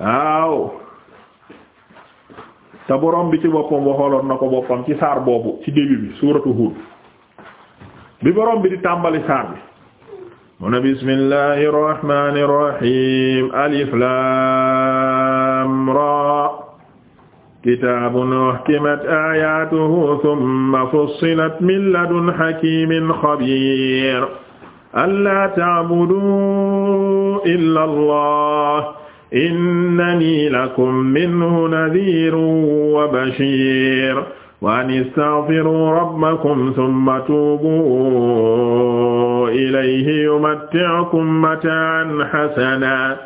waaw te borom bi ci ko boppam ci saar ci début bi suuratu Hud bi borom di tàmbali saar bi mu ne bismillahir ra kitaabun uhkimat ayatuhu thumma fussilat min ladun hakimin khabir alla ta'budu illa allah innani lakum minhu nadhirun wa bashir wa an istaghfiru rabbakum thumma tubu ilayhi yumatti'ukum mata'an hasanan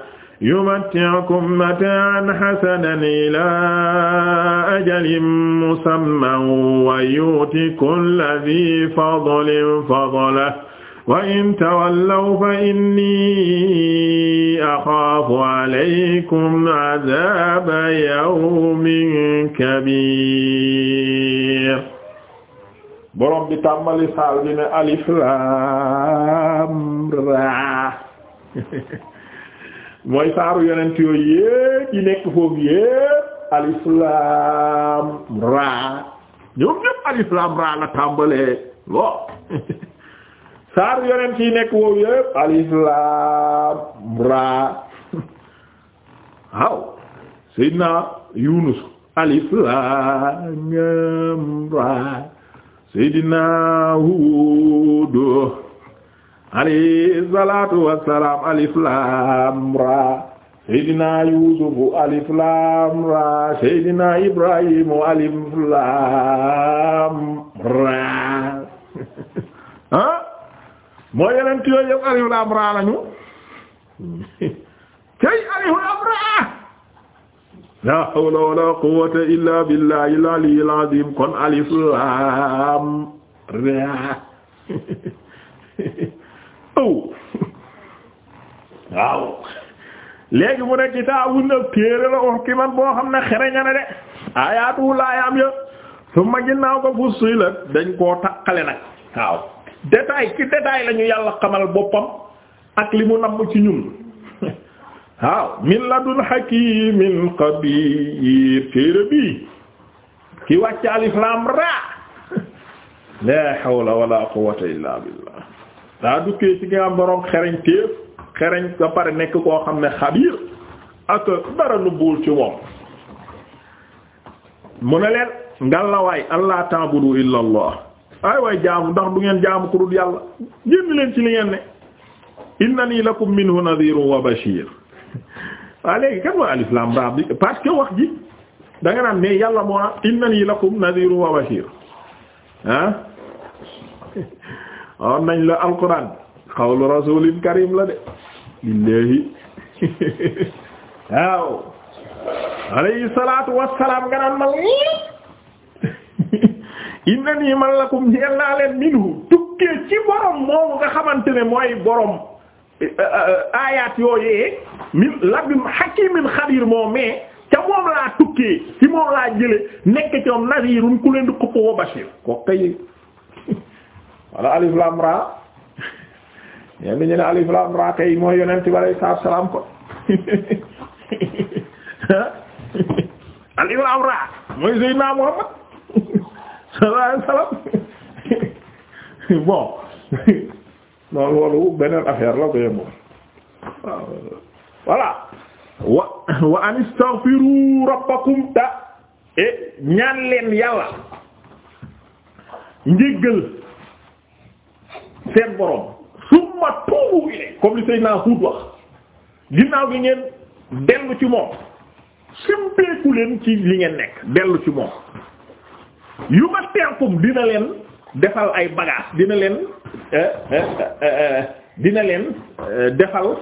yumatti'ukum mata'an hasanan ila ajalin musamman wa yu'ti kulli dhi fadlin fadlahu wa in tawallaw fa inni axaafu alaykum adaaba yawmin kabiir borom bi tàmbali saal bi ne alif laam raa mooy saaru yonent yooyu yépp yi saar yonent yi nekk woowu yëpp alif laam ra waaw yunus alif laam ra seydina huud wassalaam alif laam ra seydina yuusufu alif laam ibrahimu alif laam ra mooy yeneen yooyu yëpp alif laam raa lañu kay alif la hawla wala quwwata illa billahil aliyyil azim kon alif laam raa aw waaw léegi mu ne kitaabun na téere la uhkimat boo xam ne xereña na de ayaatu laayaam ya summa ginnaaw ko fussilat dañ koo takkale nag waaw détail ci détail la yàlla xamal boppam ak li mu namm ci ñun waaw min ladun hakimin xabiir téere bi ki wàcc alif lam ra la hawla wala quwwata illa billah daa dukkee ci nga boroom xereñ téef xereñ ba pare nekk koo xam ne xabiir ak dara nu buul ci moom mu ne leen ngalawaay allah ta'budu illa allah ay waay jaamu ndax du ngeen jaamu ku dul yàlla génn leen ci li ngeen ne innani lakum minhu nadhirun wa bashir waa léegi kan mooy alif parce que wax ji da naan ne yàlla moo innani lakum nadhirun wa bashir ah waaw nañ la alquran qawlu rasulin karim la de billahi waaw alayhi salatu wassalam nga naan mal inna nii man lakum ñeel naa minhu tukkee ci borom moomu nga xamante ne mooy borom eh, eh, eh, aayaat yooyee min labim hakimin xabiir moo mais ca moom laa tukkee ci moom laa jële nekk ci moom nadiirun ku leen di xupp wa bashir ko kay walla alif lam ra ne alif lam kay mooy yonent bi alayhi salaam ko alif lam mooy Seydina Muhammad salaam salaam bon non loolu wa wa an istaghfiru rabbakum e ñaan leen yàlla njéggal seen borom summa tuubu ilay comme li Seydina Hud wax ginnaaw gi ngeen dellu ci moom simpeeku leen ci li ngeen nekk dellu ci moom yu ma tenkum dina leen defal ay bagages dina leen eh, eh, eh, dina leen defal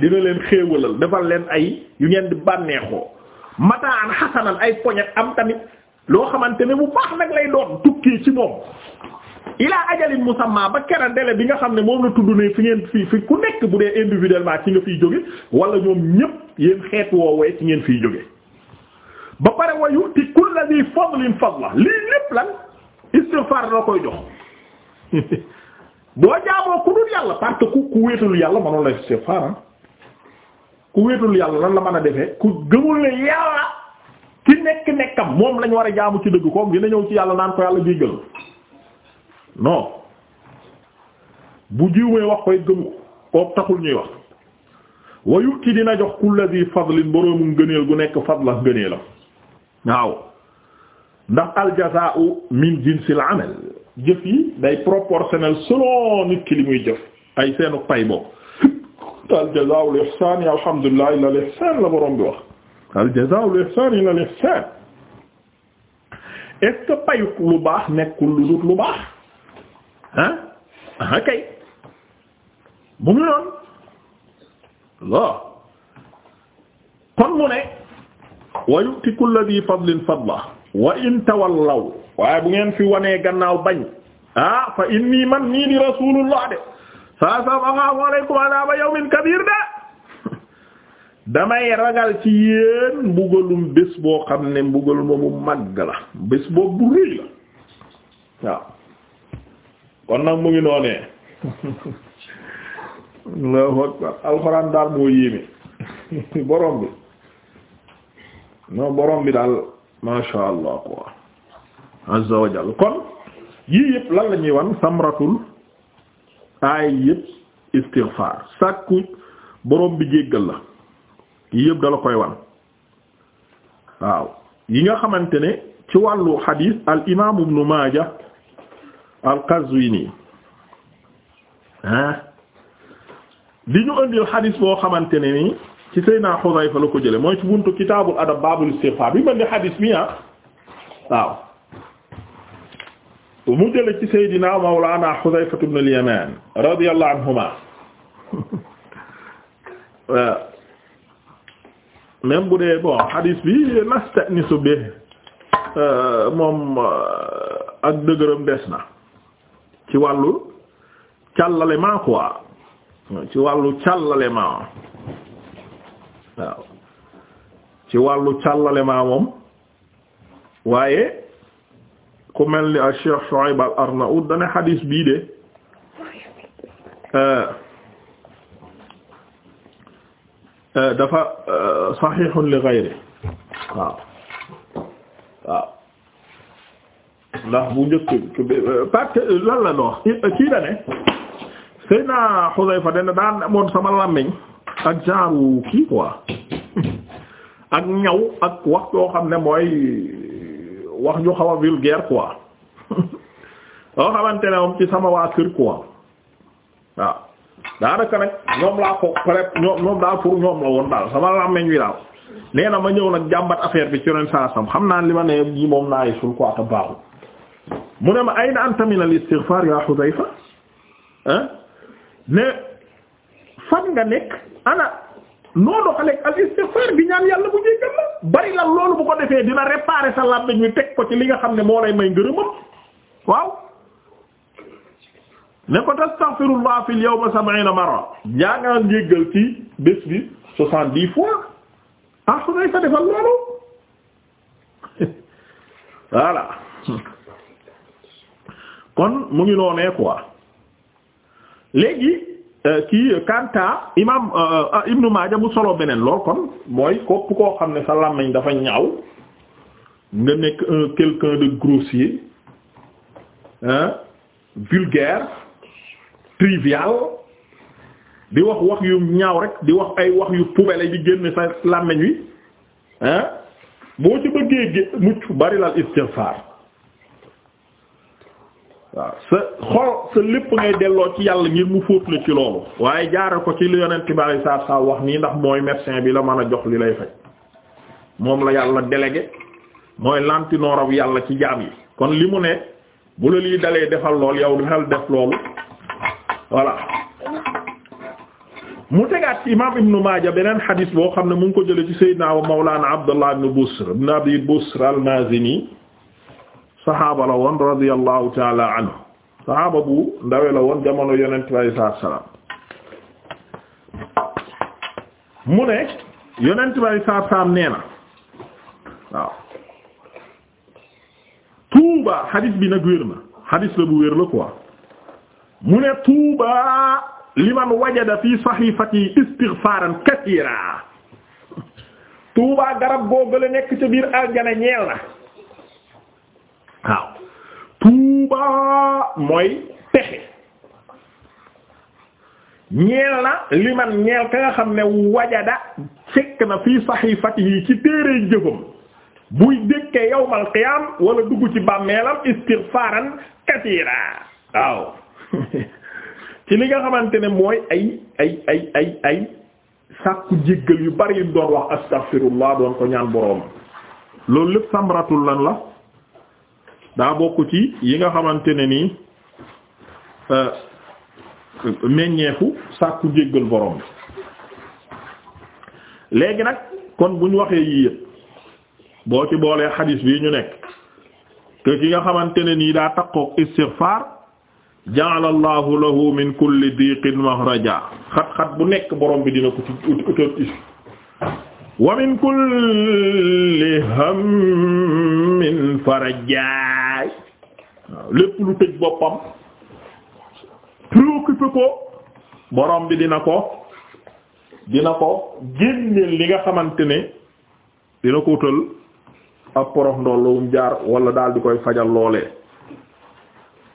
dina leen xéewalal defal leen ay yu ngeen di bànneexoo mataan xasanan ay poñet am tamit loo xamante ne bu baax nag lay doon tukki ci moom ilaa ajalin musamma ba kera délai bi nga xam ne moom la tudd ne fi ngeen fi fi ku nekk bu dee individuellement ci nga fiy jóge wala ñoom ñépp yéen xeet woowee ci ngeen fiy jóge ba pare wa yu'ti kulli dhi fadlin fadla lii lépp lan istighfar la koy jox boo jaamoo ku dul yàlla parce que ku wéetul yàlla mënul la istighfar ah ku wéetul yàlla lan la mën a defee ku gëmul ne yàlla ki nekk nekkam moom lañ war a jaamu ci dëgg kook dina ñëw ci yàlla naan ko yàlla jéggal non bu jiw wax koy gëmu kook taxul ñuy wax wayu ki dina jox kulli dhi fadlin boroomu ngëneel gu nekk fadla ngëneelam waaw ndax al jazaa'u min jinsil amal jëf yi day proportionnel li muy jëf ay seenu pay boobu al jazaa'u al ihsaan yi alhamdulillah ila al ihsaan la borom bi al jazaa'u al al ihsaan est-ce que payuk lu baax nekkul lu dut lu baax ah, mu ngi noonu loo wa yu'ti kulli dhi fadlin fadlahu wa in tawallaw waaye bu ngeen fi wanee gannaaw bañ ah fa inni man nii di rasulullah de saa saa asalaamu aleykum adaaba yawmin kabir de damay ragal ci yéen mbugalum bés boo xam ne mbugal moomu màgg la bés boobu bu rëy la waaw kon nag mu ngi noonee alxuraan daal moo yéeme borom bi non borom bi daal masha allah quoi azza wa jalla kon yii yëpp lan la ñuy wan samratul aay yëpp istighfar sàkku borom bi jéggal la yii yëpp dala koy wan waaw yi nga xamante ne ci wàllu xadiis al imaam ibnu maaja al qazwini ah di ñu indil xadiis boo xamante ne nii ci Seydina Xudayfa la ko jële mooy ci buntu kitaabul adab baabul istighfar bi mën di xadis bi ah waaw mu jële ci Seydina Mawlaana Xudayfa ibn al-Yamaan anhuma même bu dee bon xadis bi nastanisu bi moom ak dëgëram des na ci wàllu càllale ma ci wàllu càllale ma ci wàllu càllale maa waaye ku mel ni Cheikh Shu'ayb al-Arnaout dane xadiis bii de euh, euh, dafa euh, saxiixun li gayri bu njëkk parce que lan la noox kii da ne Seydina Xudayfa dana daan amoon sama làmmiñ ak genre kii quoi ak ñaw ak wax yoo xam ne mooy wax ñu xaw a vulgaire quoi loo xamante ne moom ci sama waa kër quoi waaw daanaka nag ñoom laa ko prep ñoom daal pour ñoom la woon daal sama làmmeñ wi daal nee na ma ñëw nag jàmbat affaire bi ci ren saa sam xam naa li ma ne yi moom naa yi suul quoi te baaxul mu ne ma ayna anta min al istighfar ya Hudayfa ah. fan nga nekk ana noo doxaleeg al istighfar bi ñaan yàlla bu jéggal la bari la loolu bu ko defee dina réparer sa làmmiñ mi teg ko ci li nga xam ne moo lay may ngërëmam waaw ne ko tastaghfirullah fil yawm sab'ina marra yaa nga ci bés bi soixante-dix fois ah su ngay sa defal loolu voilà kon mu ngi noonee quoi léegi Euh, kii euh, Kanta imaam euh, ah, Ibnu Maaja bu solo beneen lool kon mooy kopp koo xam ne sa làmmiñ dafa ñaaw nga nekk un quelqu'un de grossier vulgaire trivial di wax wax yu ñaaw rek di wax ay wax yu poubelle di génn sa làmmiñ wi boo ci bëggee mucc bari lal istighfar waaw sa xol sa lépp ngay delloo ci yàlla ngir mu fóot la ci loolu waaye jaara ko ci li yonent bi alei saatu salaam wax nii ndax mooy médecin bi la mën a jox li lay faj moom la yàlla délégué mooy raw yàlla ci jaam yi kon li mu ne bu la lii dalee defal lool yow defal def loolu voilà mu tegaat ci imam ibnu maaja beneen xadis boo xam ne mu ngi ko jële ci sayyidina wa mawlana abdullah ibn busr ibn abi busr al-mazini saxaaba la woon radiyallahu taala anhu saxaaba bu ndawe la woon jamono yonent bi alayhi salaam mu ne yonent bi alayhi salaam nee na waaw tuuba xadis bi nag wér na xadis la bu wér la quoi mu ne tuuba liman wajada fi saxiifati istighfaaran kasiira tuuba garab googu la nekk ca biir aljana ñeel na tuuba mooy texe ñeel na li man ñeel ka nga xam ne wajada fekk na fii saxiifatihi ci téere jëfam buy dëkkee yawmal qiyaam wala dugg ci bàmmeelam istighfaaran kasiira waaw ci li nga xamante ne mooy ay ay ay ay ay sàkku jéggal yu bari yu doon wax astaghfirullah doon ko ñaan boroom loolu lépp samratul lan la daa bokk ci yi nga xamante ne nii euh, meññeefu sàkku jéggal borom bi léegi nag kon buñ waxee yii boo ci boolee xadiis bii ñu nekk te ki nga xamante ne nii daa takkook istighfar ja'ala Allahu lahu min kulli diqin mahraja xat-xat bu nekk borom bi dina ko ci wa min kulli hammin faraja lépp lu tëj boppam préoccupé ko borom bi dina ko dina ko génneel li nga xamante ne dina ko wutal ak porox ndollum jaar wala daal di koy fajal loolee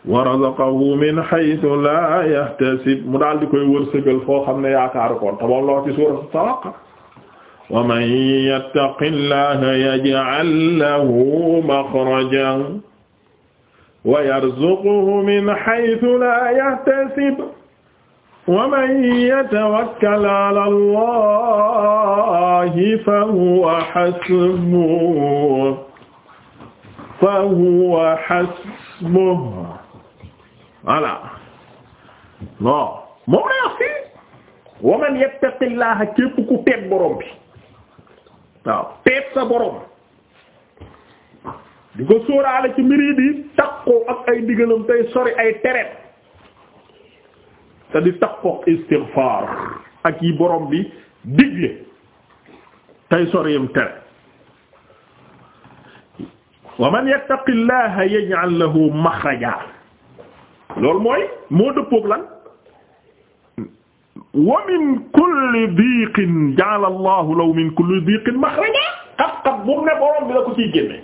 wa razaqahu min haythu la yahtasib mu daal di koy wërsëgal foo xam ne yaakaaru koon te moom loo ci suuratu Talaaq wa man yattaqillaha yaj'al lahu makhrajan wa yarzuquhu min haythu laa yahtasib wa man yatawakkal ala allahi fahuwa hasbuh fahuwa hasbuh voilà non moom la wax fii wa man yattaqillaha képp ku teet borom bi waaw teet sa borom di ko sóoraale ci mbir yi di takkoo ak ay digalam tey sori ay tereet te di takkook istighfar ak yi borom bi digle tey soriyam tere wa man yattaqillaha yaj'al lahu makhraja loolu mooy moo dëppook lan wa min kulli diiqin ja'ala allahu lahu min kulli diiqin makhraja xat-xat bu borom bi la ko ciy génne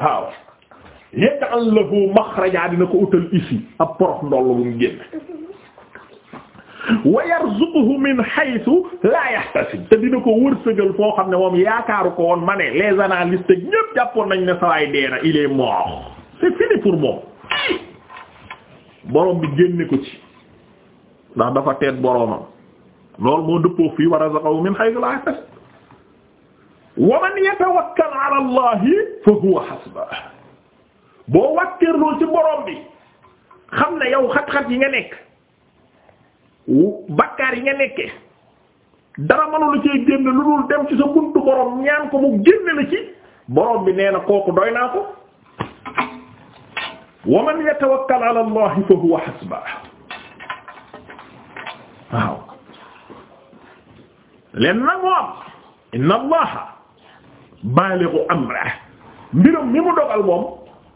waaw yaj'al lahu makhraja dina ko utal ici ab ndoll bu mu génn wa yarzuquhu min haythu la yahtasib te dina ko wërsëgal foo xam ne moom yaakaaru ko woon ma ne les analystes ñëpp jàppoon nañ ne sawaay deena il est mort c'est fini moom borom bi génne ko ci ndax dafa teet boromam loolu moo dëppoo fii wa razaqahu min haythu la yahtasib wa man yatawakkal ala fa huwa hasba boo wàkkeerloo ci borom bi xam na yow xat-xat yi nga nekk bakkaar yi nga nekke dara mënu la cee génn lu dul dem ci sa buntu borom ñaan ko mu génn la ci borom bi nee na kooku doy naa ko wa man yatawakkal ala allahi fa huwa hasba waaw len nag moo am inna allaha balighu amra mbirum mi mu dogal moom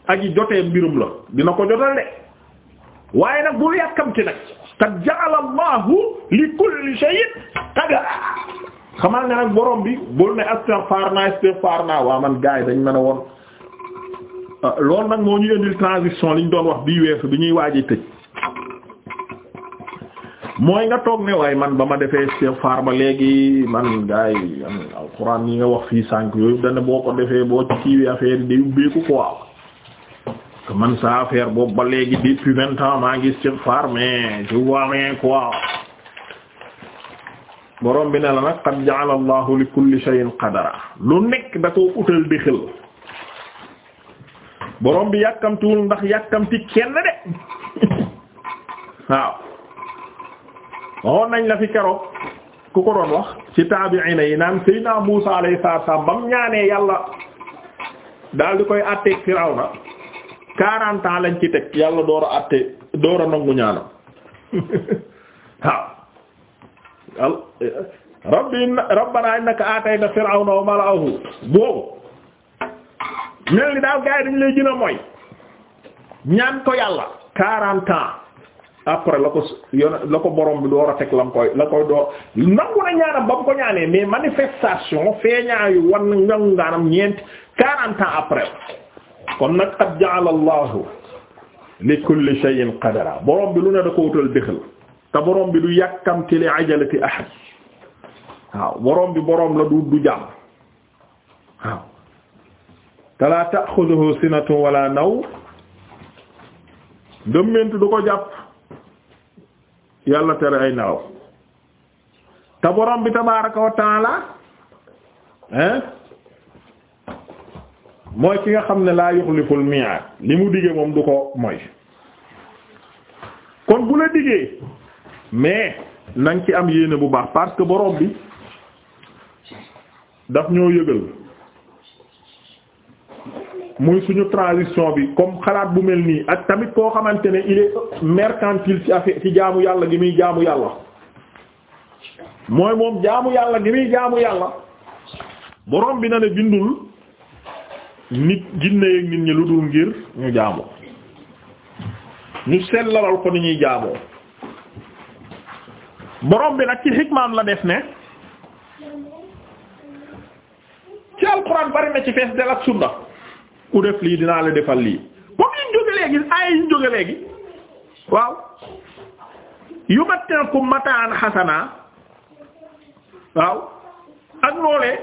aji jotee mbirum la dina ko jotal de waaye nag bul yàkkamti nag qad ja'ala Allahu li kulli shay'in qadara xamal ne nag borom bi bul ne istighfar naa istighfar naa waa man yi dañ mën a woon ah, loolu nag moo ñu indil transition ñu doon wax bii weesu bi ñuy waaj a tëj mooy nga toog ne waaye man ba ma defee istighfar ba léegi man gars yi alxuraan yi nga wax fii sànq yooyu dana boo ko defee boo ci kiiwee affaire yi day ubbeeku quoi que man sa affaire boobu ba léegi depuis vingt ans maa ngi istighfar mais je vois rien quoi borom bi ne la nag qad ja'ala Allahu li kulli shay'in qadara lu nekk da koo utal di xel borom bi yàkkamtiwul ndax yàkkamti kenn de waaw. waxoon nañ la fi keroog ku ko doon wax ci taabi'ina yi naan Seydina Muusa alayhi salaam bam ñaanee yàlla daal di koy àtteeg Firawna quarante ans lañ ci teg yàlla door a àtte door a nangu ñaanam waaw rabbi inna rabbana innaka aatayta Firawna wa mala'ahu boobu mel ni daal gars yi dañ lay gën mooy ñaan ko yàlla quarante ans après la ko yon la ko borom bi door a teg la koy la koy door nangu na ñaanam ba mu ko ñaanee mais manifestation feeñaayu wan ngangu ngaanam ñeent quarante après kon nag qad ja'ala Allahu li kulli shay'in qadara borom bi lu ne da ko wutal dëxal te borom bi du yàkkamti li ajalati ahad waaw borom bi borom la du du jàmm waaw te la ta'khudhuhu sinatun wala naw gëmmentu du ko jàpp yàlla tere ay nelaw te borom bi tabaaraka wa taala hein mooy ki nga xam ne laa yuxliful mi'aad li mu diggee moom du ko mooy kon bu la diggee mais na nga ci am yéene bu baax parce que borom bi daf ñoo yëgal muy suñu transition bi comme xalaat bu mel nii ak tamit koo xamante ne il est ci affaire ci jaamu yàlla gi muy jaamu yàlla mooy moom jaamu yàlla gi muy jaamu yàlla borom bi na ne bindul nit jinne ak nit ñi lu dul ngir ñu jaamu ñu sellalal ko ni ñuy jaamoo borom bi nag ci xikmaam la def ne ci alxuraan bari ci fees del ak sunna ku def lii dinaa la defal lii comme yi ñu léegi ay yi ñu léegi waaw yumatti'kum mata'an hasana waaw ak loolee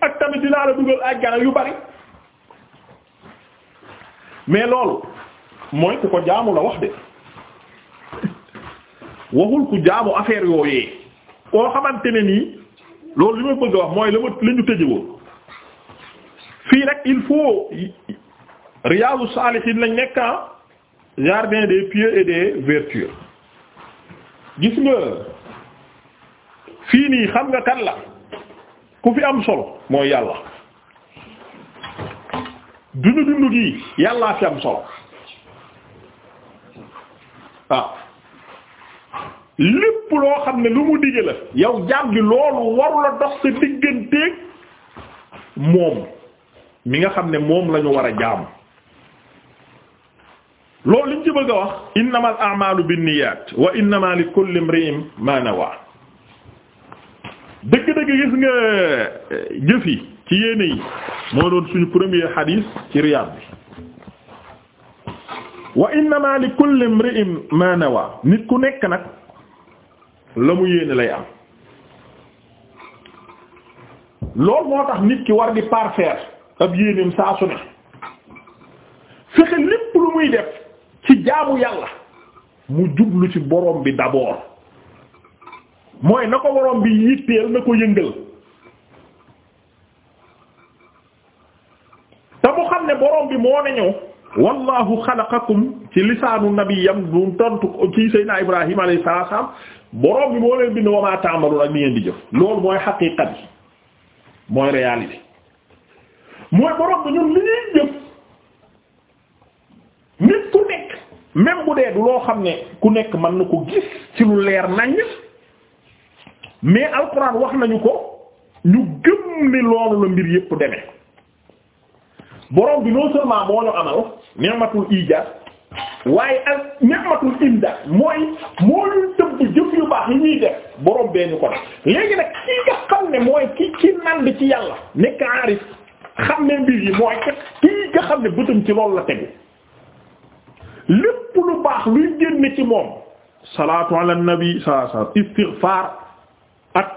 ak tamit dinaa la dugal ajjana yu bari mais loolu mooy ku ko jaamu la wax de waxul ku jaamu affaire yooyee koo xamante ne nii loolu li ma bëgg a wax mooy la ma la ñu fii nag il faut Riyâdous Sâlihîne lañ nekk ah, jardin des pieux et des vertueux gis nga fii nii xam nga kan la ku fi am solo mooy yàlla dundu dundu gi yàllaa fi am solo waaw ah. lépp loo xam ne lu mu digge la yow jaam bi loolu waru la dox sa digganteeg moom mi nga xam ne moom lañu ñu war a jaamu loolu liñ ci bëgg a wax innamal a'malu binniyat wa innama li kulli imri'in ma nawa dëgg gis nga eh, jëf ci yéene yi moo doon suñu premier hadith ci Riyad bi wa innama li kulli imri'in ma nit ku nekk nag la mu yéene lay am loolu moo tax nit ki war di parfaire ab yéenéem saa su ne fexe lépp lu muy def ci jaamu yàlla mu jublu ci borom bi d'abord mooy na ko borom bi yitteel na ko yëngal te mu xam ne borom bi moo ne ñëw wallahu xalaqakum ci lisaanu nabiyam du tontu ci Seydina Ibrahima alayhi salaam borom bi moo leen bind wa ma ta'malun ak ni ngeen di jëf loolu mooy xaqiiqa yi mooy réalité mooy borom bi ñun li ñuy jëf nit ku nekk même bu dee du loo xam ne ku nekk mën na ko gis ci lu leer nañ mais alxuraan wax nañu ko ñu gëm ni loolu la mbir yépp demee borom bi non seulement moo ñu amal ni'matul ijaad waaye ak ni'matul imdaad mooy moo tëbb jëf yu baax yi ñuy def borom bee ñu ko def léegi nag ki nga xam ne mooy ki ki nand ci yàlla nekk aarif xam ne mbir yi mooy kat kii nga xam ne bëtam ci loolu la tegu lépp lu baax luy génne ci moom salaatu ala nabi sallallahu alayhi wasallam istighfar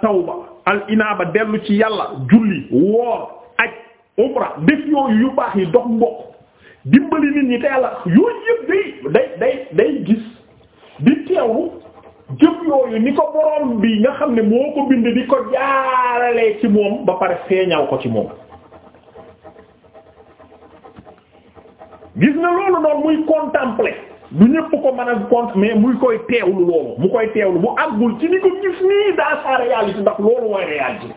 tawba al inaaba dellu ci yàlla julli woor aj umra def yooyu yu baax yi dox mbokk dimbali nit ñi te yàlla yooyu yëpp day day day gis di teewlu jëf yooyu ni ko borom bi nga xam ne moo ko bind di ko jaaralee ci moom ba pare feeñal ko ci moom gis na loolu noonu muy contempler du ñëpp ko mën a compte mais muy koy teewlu loolu mu koy teewlu bu àggul ci ni ko gis nii daa sa ndax loolu mooy réalité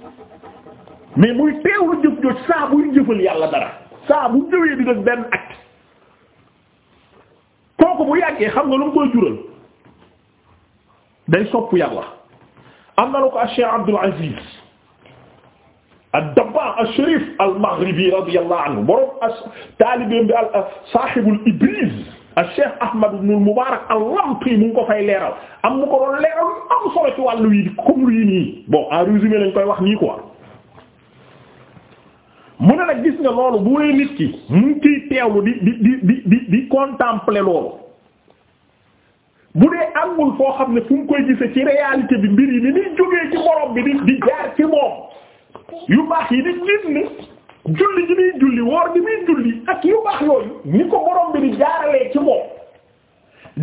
mais muy teewlu jëf jooj saa buy jëfal yàlla dara saa bu jëwee di def benn acte kooku bu yàggee xam nga lu mu koy jural day sopp yàlla am na lu ko Cheikh Abdul Aziz Mawlana al-Sharif al-Maghribi radiyallahu anhu borom as taalibeem bi al saahibul Ibriz al-Cheikh Ahmad ibn mubarak al-Lamti mu ngi ko fay leeral am mu ko doon leeral am solo ci wàllu yi comme lii nii bon en résumé lañ koy wax nii quoi. mu ne nag gis nga loolu bu wee nit ki mu ngi ciy teewlu di di di di di di loolu bu dee àggul foo xam ne fu koy gise ci réalité bi mbir yi ni muy jógee ci borom bi di di jaar ci moom. yu baax yi di nit ni julli gi julli woor julli ak yu baax yooyu ni ko borom bi di jaaralee ci moom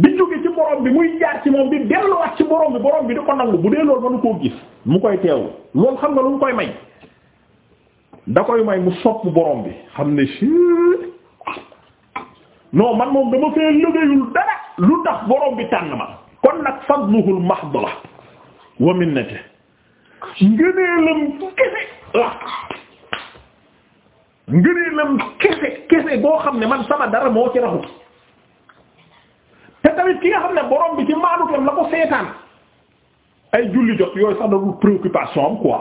di jóge ci borom bi muy jaar ci moom di delluwaat ci borom bi borom bi di ko nangu bu dee loolu mënu koo gis mu koy teewlu loolu xam nga lu mu koy may da koy may mu sopp borom bi xam ne si non man moom dama fee liggéeyul dara lu tax borom bi tànn ma kon nag fadluhul mahd la wa minnati ngëneelam kese ngëneelam kese kese boo xam ne man sama dara moo ci raxu te tamit ki nga xam ne borom bi ci maanutam la ko seetaan ay julli jot yooyu sax dadul préoccupation am quoi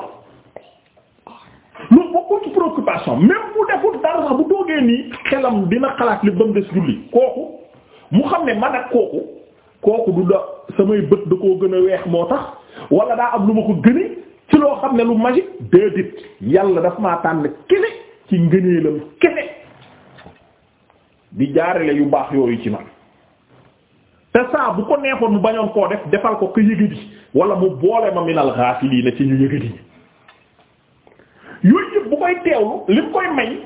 lu bokkul ci préoccupation même bu deful dara sax bu toogee nii xelam dina xalaat li ba mu des julli kooku mu xam ne man ak kooku kooku du da samay bët da koo gën a weex moo tax wala daa am lu ma ko gëne ci loo xam ne lu magique déedéet yàlla daf maa tànn kene ci ngëneelam kene di jaarale yu baax yooyu ci man te saa bu ko neexoon mu bañoon koo def defal ko ko yëgadi wala mu boole ma minal ghafilina ci ñu yëgadi yooyu yëpp bu koy teewlu li mu koy may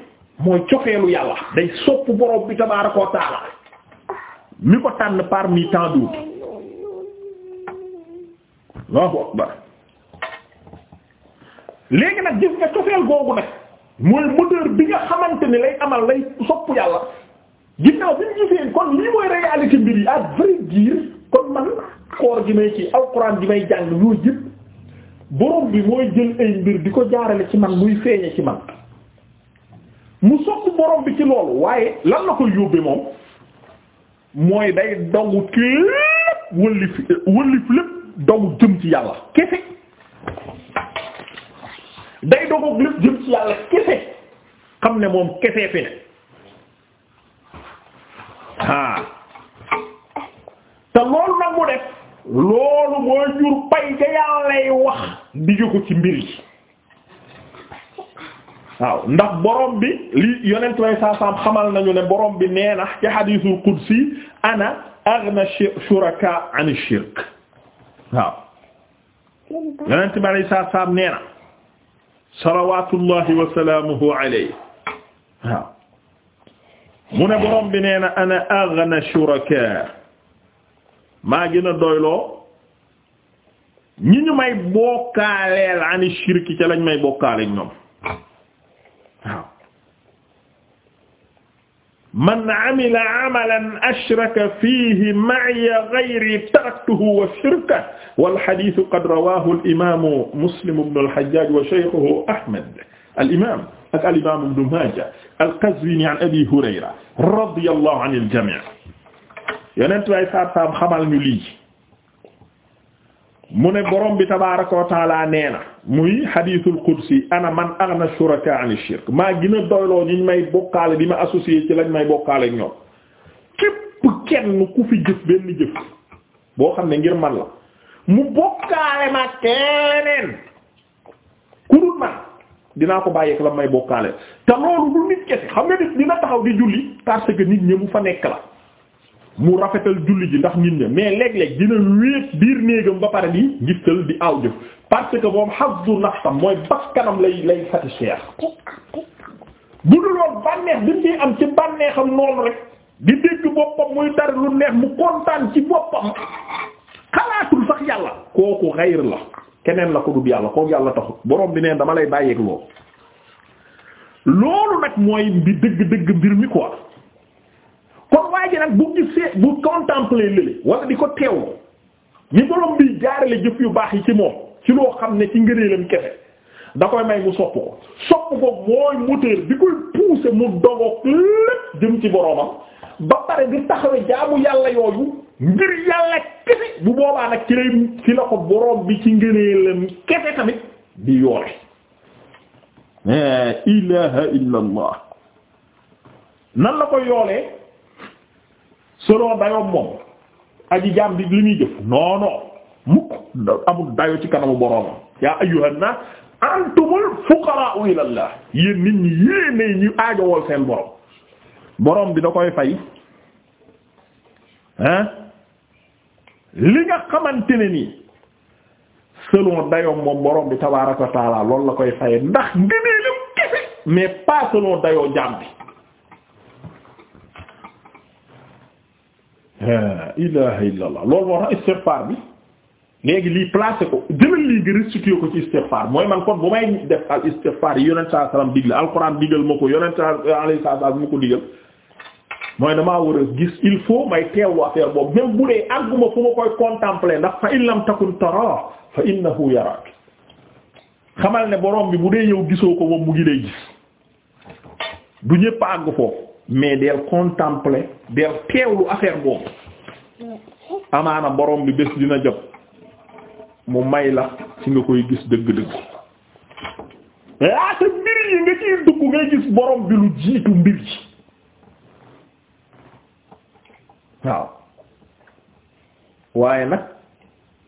mooy cofeelu yàlla day sopp borom bi tabaaraka wa mi ko tànn parmi tant d'autres Allahu akbar léegi nag gis nga cofeel googu nag mooy moteur bi nga xamante ni lay amal lay sopp yàlla ginnaaw bi ñu gisee kon lii mooy réalité mbir yi à vrai dire kon man koor gi may ci alxuraan gi may jàng yooyu yëpp borom bi mooy jël ay mbir di ko jaarale ci man muy feeñe ci man mu sopp borom bi ci loolu waaye lan la koy yóbbe moom mooy day dogu képp wëllif wëllif lépp dogu jëm ci yàlla kese day dogoog lépp jëm ci yàlla kese xam ne moom kese fi ne ah te loolu nag mu def loolu mooy jur pay ga yàllay wax di ko ci mbir yi waaw ndax boroom bi lii yonent way saasaam xamal nañu ne boroom bi nee na ci hadiisul qudsi ana aghna shuraka an shirk waaw yonent bi alay saasaam nee na salawaatullahi wa salaamuhu alayhi waaw mu ne borom bi nee na ana aghna shuraka maa gën a doyloo ñi ñu may bokkaaleel ani shirki ca lañ may bokkaaleeg ñoom man amila amalan ashraka fiihi ma'iya ghayri taraktuhu wa shirkahu wal hadiis qad rawaahu al-imaamu Muslim ibn al-Hajjaaj wa shaykhuhu Ahmad al-imaam ak al-imaam ibn Maajah al-Qazwiini an Abii Hurayra radiyallaahu anil jamii' yonent way saab saab xamal ñu lii mu ne borom bi tabaaraka wa nee na muy hadithul qudsi ana man aghna shuraka an shirk maa gën a doyloo ñu may bokkaale di ma associé ci lañ may bokkaale ak ñoom képp kenn ku fi jëf benn jëf boo xam ne ngir man la mu bokkaale ma keneen ku dul man dinaa ko bàyyeek la may bokkaale te loolu du nit kese xam nga nit dina taxaw di julli parce que nit ñi mu fa nekk la mu rafetal julli ji ndax nit ña mais léeg-léeg dina wéet biir néegam ba pare di ngistal di aw jëf parce que moom xas du nafsam mooy bakkanam lay lay satisfaire bu dul woon bànneex bi mu am ci bànneexam noonu rek di dégg boppam muy dara lu neex mu kontaan ci boppam xalaatul sax yàlla kooku xayr la keneen la ko dul yàlla kooku yàlla taxut boroom bi neen dama lay bàyyeeg loolu loolu nag mooy bi dëgg mbir mi quoi kon waa ji nag bu gisee bu contempler lële wala di ko teewloo ni borom bi jaarale jëf yu baax yi ci moom ci loo xam ne ci ngëneelam kese da koy may mu sopp ko sopp ko mooy moteur bi koy pousser mu dogoog lépp jëm ci boromam ba pare di taxawe jaamu yàlla yooyu ngir yàlla kese bu boobaa nag ci lay ci la ko borom bi ci ngëneelam kese tamit di yoole la eh, ilaha illa allah nan la ko yoolee selon dayoom moom aji jaam bi li muy jëf non mukk amul dayo ci kanamu boroomam yaa ayyuhan nas antumul fuqara'u ila Allah yéen nit ñi yéenay ñu aajowool seen borom borom bi da koy fay hein li nga xamante nii selon dayoom moom borom bi tabaaraka wa taala la koy faye ndax ngëneelam kese mais pas selon dayoo jaam bi la ilaha illallah loolu moo tax istighfar bi léegi lii placé ko jëlal lii nga restitué ko ci istighfar mooy man kon bu may def al istighfar yi yonent saa salaam digle alquran digal ma ko yonent saa alayhi salaam ma ko digal mooy damaa war a gis il faut may teewu affaire boobu même bu dee àgguma fu ma koy contempler ndax fa in lam takun tara fa innahu yaraak xamal ne borom bi bu dee yow gisoo ko moom mu ngi lay gis du ñëpp àgg foofu. mais del contempler del teewlu affaire boobu amaana borom bi bés dina jot mu may la ci nga koy gis dëgg-dëgg ah te mbir yi nga ciy dugg ngay gis borom bi lu jiitu mbir yi waaw waaye nag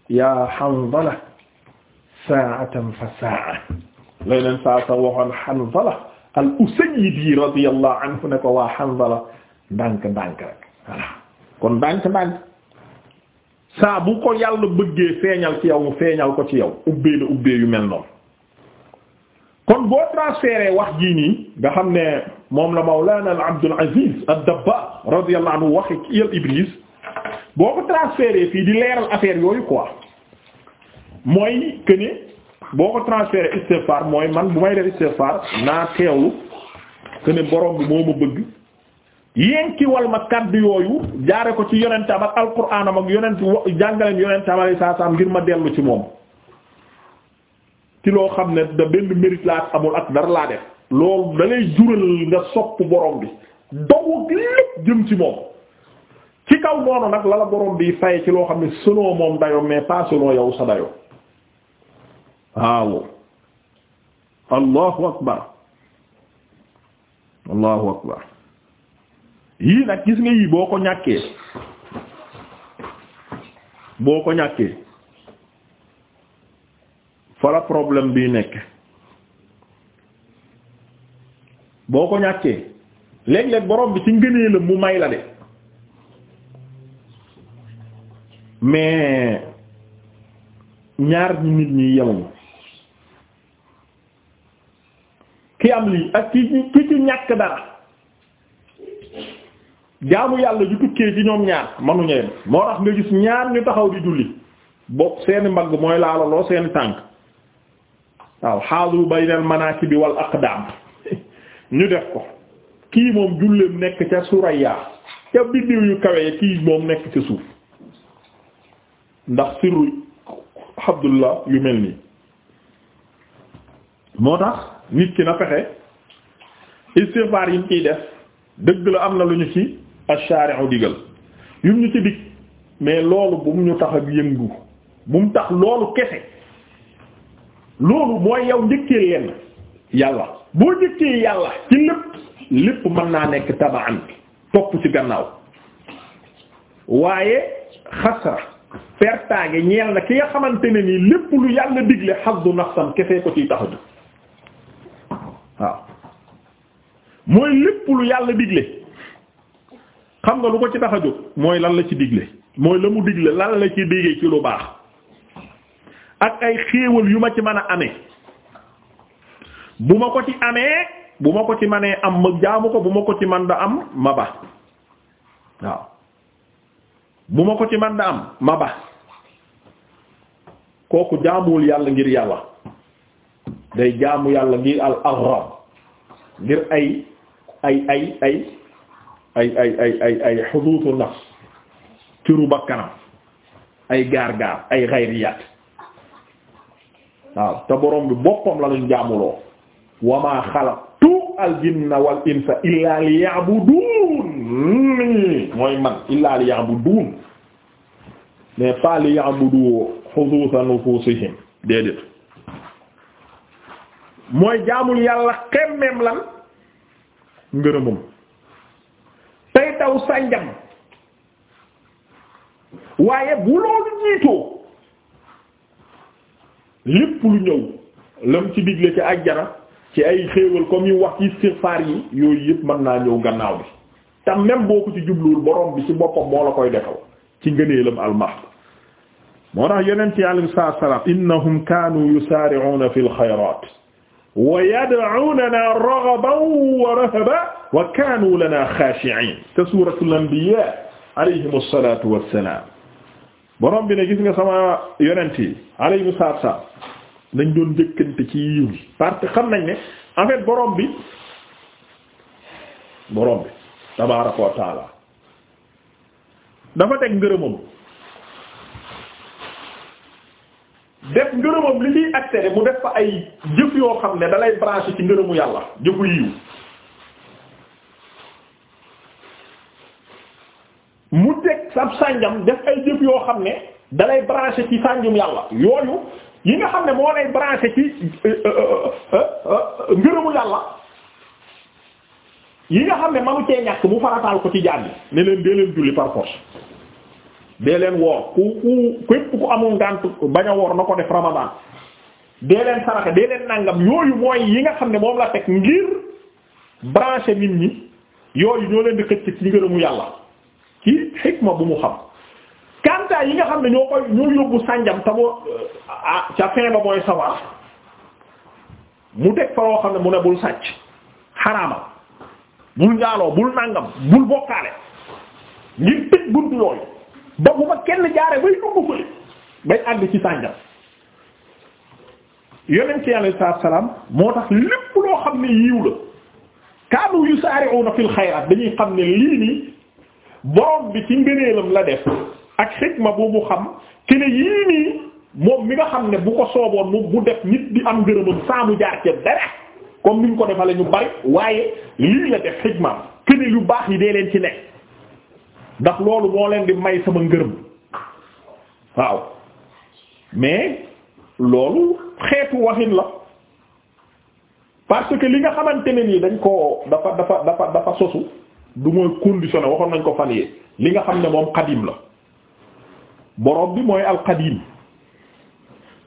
yaa Hanzala saatan fa saa leneen saa sa waxoon Hanzala al usayidi radiyallahu anhu ne ko waa Hanzala ndànk ndànk rek voilà kon ndànk ndànk saa bu ko yàlla bëggee feeñal ci yow mu feeñal ko ci yow ubbee la ubbee yu mel noonu kon boo transféré wax jii nii nga xam ne moom la Mawlana al Abdul Aziz ad-Dabbar radiyallahu anhu waxi yal Ibris boo ko transféré fii di leeral affaire yooyu quoi mooy que boo ko transféré istighfar mooy man bu may def istighfar naa teewlu que ne borom bi moo ma bëgg yénkiwal ma kaddu yooyu jaare ko ci yonentam ak alquraanam ak yonent jàngaleem yonentam alayhi salaam ngir ma dellu ci moom ci loo xam ne da benn mérite laa amul ak dara laa def loolu da lay jural nga sopp borom bi dogu lépp jëm ci moom ci kaw noonu nag la la borom bi faye ci loo xam ne selon moom dayo mais pas selon yow sa dayo aw allahu akbar allahu akbar yii nag gis nga yii boo ko ñàkkee boo ko ñàkkee fa la problème bi nekk boo ko ñàkkee léeg-léeg borom bi ci ngëneelam mu may la de mais ñaar ñi nit ñi yemuñu ki am lii ak ki ki ci ñàkk dara jaamu yàlla ju tukkee ci ñoom ñaar manuñu yem moo tax nga gis ñaar ñu taxaw di julli bopp seeni mbagg mooy laalaloo seeni tànk waaw xaalu baynal manakib wal aqdam ñu def ko kii moom julleem nekk ca suraya ca biddiw yu kawe kii moom nekk ca suuf ndax sirru Abdullah yu mel nii moo tax nit ki na fexe istighfar yi mu ciy def dëgg la am na lu ñu ci ash-shari'u digal yu ñu ci dig mais loolu bu mu ñu tax ak yëngu bu mu tax loolu kese loolu mooy yow njëkkee lenn yàlla boo njëkkee yàlla ci lépp lépp mën naa nekk tabaan topp ci gannaaw waaye xasra pertaange ñeel na ki nga xamante ne nii lépp lu yàlla digle xazu nafsan kese ko ciy taxaju mooy lépp lu yàlla digle xam nga lu ko ci tax mooy lan la ci digle mooy la mu digle lan la ci diggee ci lu baax ak ay xéewal yu ma ci mën a ame bu ma ko ci amee bu ma ko ci manee am ma jaamu ko bu ma ko ci man a am ma ba waaw bu ma ko ci man da am ma ba kooku jaamuwul yàlla ngir yàlla day jaamu yàlla ngir al aghrab ngir ay ay ay ay ay ay ay ay ay xuduutu nafs turu bakkanam ay gaar-gaar ay xayriyaat waaw te borom bi boppam la jaamuloo wa maa xalaqtu al jinna wal insa illaa liya'buduun mooy man illaa liya'buduun mais pas liya'budu huduusa nufuusihim déedéet mooy jaamul yàlla xemmem lan ngërëmam tey daw sànjam waaye bu loolu jiitoo lépp lu ñëw lam ci digle ci ajjana ci ay xéewal comme yu wax ci istighfar yi yooyu yëpp mën naa ñëw gannaaw bi tam boo ko ci jubluwul borom bi ci boppam moo la koy defal ci ngëneelam almax moo tax yeneen ci alayhi salaam innahum kaanu yusaari'uuna fil xayraat wa yad'unana raghaban wa rahaban wa kaanu lana xaashi'iin te suuratul anbiyaa alayhimu salaatu wa salaam borom bi ne gis nga sama yonent yi alayhimu salaatu salaam nañ doon njëkkante ci yiw yi parce que xam nañ ne en fait borom bi borom bi tabaaraka wa taala dafa teg ngërëmam def ngërëmam li ciy accéder mu def fa ay jëf yoo xam ne dalay branché ci ngërëmu yàlla jëfu yiw mu teg sab sànjam def ay jëf yoo xam ne dalay branché ci sànjum yàlla yooyu yi nga xam ne moo ay branché ci euh, euh, euh, ngërëmu yàlla yi nga xam ne manu cee ñàkk mu farataal ko ci jànni ne leen dee leen julli par dee leen woor ku ku képp ku amul ngànt bañ a woor na ko def ramadan dee leen saraxe dee leen nàngam yooyu mooy yi nga xam ne moom la teg ngir branché nit ñi yooyu ñoo leen di xëcc ci ngërëmu yàlla ci xikma bu mu xam kanta yi nga xam ne ñoo koy ñoo yóbbu sànjam tamoo euh, ah ca fin ba mooy sawar mu teg fa loo xam ne mu ne bul sàcc xaraama bul njaaloo bul nàngam bul bokkaale ngir tëj buntu yooyu ba bu ma kenn jaare bay dugg fële bay àgg ci sànjal yonent alayhi salaatu salaam moo tax lépp loo xam ne yiw la kaanu yusaari'uuna fil xayraat dañuy xam ne lii nii borom bi ci ngëneelam la def ak xikma bu mu xam ki ne yii nii moom mi nga xam ne bu ko sooboon moom bu def nit di am ngërëmam saa mu jaar ca dara comme niñ ko defale ñu bari waaye lii la def xikma ki ne baax yi dee leen ci nekk ndax loolu moo leen di may sama ngërëm waaw mais loolu xeetu waxin la parce que li nga xamante ne nii dañ koo dafa dafa dafa dafa sosu du mooy conditionné waxoon nañ ko fan yi li nga xam ne moom xadim la borom bi mooy alxadim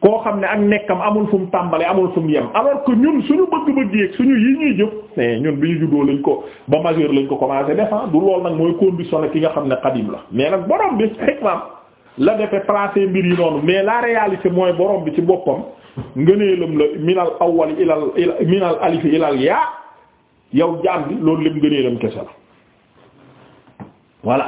koo xam ne ak nekkam amul fu mu tàmbali amul fu mu yem alors que ñun suñu bëgg-bëgg yeeg suñu yi ñuy jëf mais ñun bi ñu juddoo lañ ko ba majeur lañ ko commencé defan ah, du lool nag mooy condition ki nga xam ne xadim la mais nag borom la defe placé mbir yi noonu mais la réalité mooy borom bi ci boppam ngëneelam la minal awwal ilal minal alif ilal yaa yow jaam loolu lépp ngëneelam kese la voilà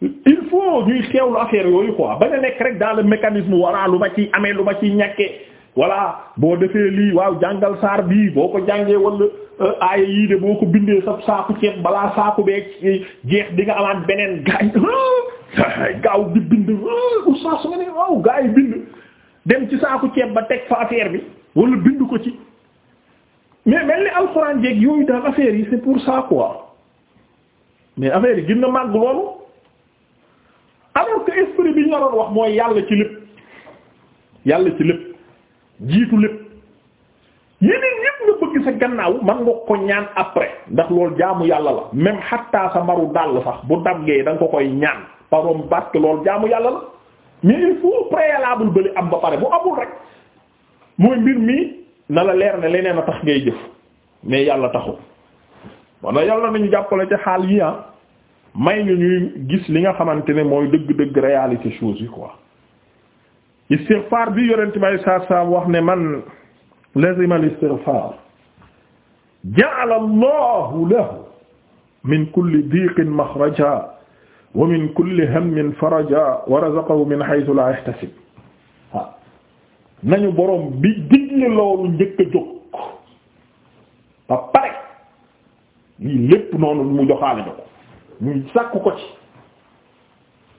il faut ñuy xeewlu affaire yooyu quoi ba nga nekk rek dans le walla lu ma ci amee lu ma ci ñàkkee voilà boo defee lii waaw jàngal saar bii boo ko jàngee wala euh, aaya yii de boo ko bindee sa saaku ceeb balaa saaku bee jeex di nga amaat beneen gaay gaaw di bind oustaz nga waaw gaa bind dem ci saaku ceeb ba teg fa affaire bi wala bind ko ci mais mel ni alxuraan jeeg yooyu daal affaire yi c'est pour ça quoi mais affaire yi gën na màgg loolu alors que esprit bi ñu la wax mooy yàlla ci lépp yàlla ci lépp jiitu lépp yeneen ñépp nga bëgg sa gannaaw man nga ko ñaan après ndax loolu jaamu yàlla la même xattaa sa maru dàll sax bu daggee da nga ko koy ñaan parom parce que loolu jaamu yàlla la mais il faut préalable bali am ba pare bu amul rek mooy mbir mi na la leer ne leneen a tax ngay jëf mais yàlla taxul wana yàlla nañu jàppale ci xaal yi ah may ñu ñuy gis li nga xamante ne mooy dëgg-dëgg réalité chose yi quoi istighfar bi yonent may saar saam wax ne man lazima al-istighfar ja'ala Allahu lahu min kulli diiqin makhraja wa min kulli hammin faraja min haythu la yahtasib waaw nañu boroom bi digle loolu njëkk a jóg ba pare lii lépp noonu mu joxaale ko ñuy sàkku ko ci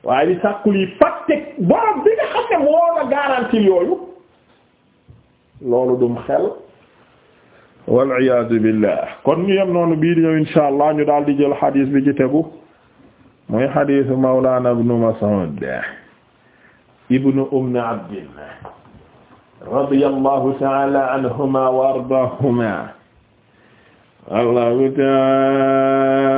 waaye di sàkku lii fàtte borom bi nga xam ne moo la garantie yooyu loolu dum xel wal iyaadu billah kon ñu yem noonu bii di ñëw insha allah ñu daal di jël xadiis bi ci tegu muy xadiisu mawlana ibnu Mas'ud ibnu ummi abdillah radiyallahu ta'ala anhuma wa ardaahuma allahu ta'ala